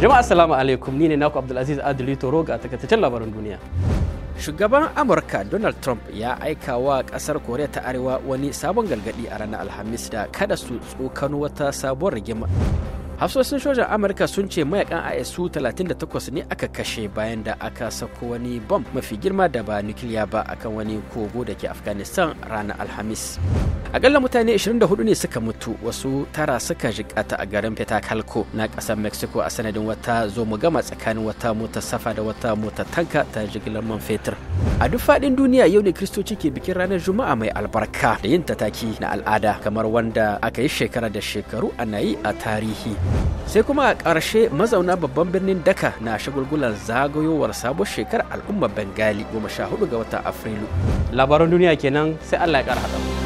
Jama'a assalamu alaikum ni ne naku Abdulaziz Adili Toro ga takaitaccen labaran duniya. Shugaban Amurka Donald Trump ya aika wa kasar Koriya ta Arewa wani sabon galgadi a ranar Alhamis da kada su tsokano wata sabuwar rigima. Hafsoshin sojan Amurka sun ce mayakan ISU 38 ne aka kashe bayan da aka sako wani bom mafi girma da ba nukiliya ba akan wani kogo da ke Afghanistan ranar Alhamis. akalla mutane 24 ne suka mutu wasu tara suka jikata a garin petakalko na kasar mexico a sanadin wata zo mu gama tsakanin wata mota safa da wata mota tanka ta jigilar man fetur a duk faɗin duniya yau ne kristoci ke bikin ranar juma'a mai albarka da yin tataki na al'ada kamar wanda aka yi shekara da shekaru ana yi a tarihi sai kuma a ƙarshe mazauna babban birnin daka na shagulgulan zagayowar sabon shekarar al'ummar bengali goma sha hudu ga watan afrilu labaran duniya kenan sai allah ya kara haɗa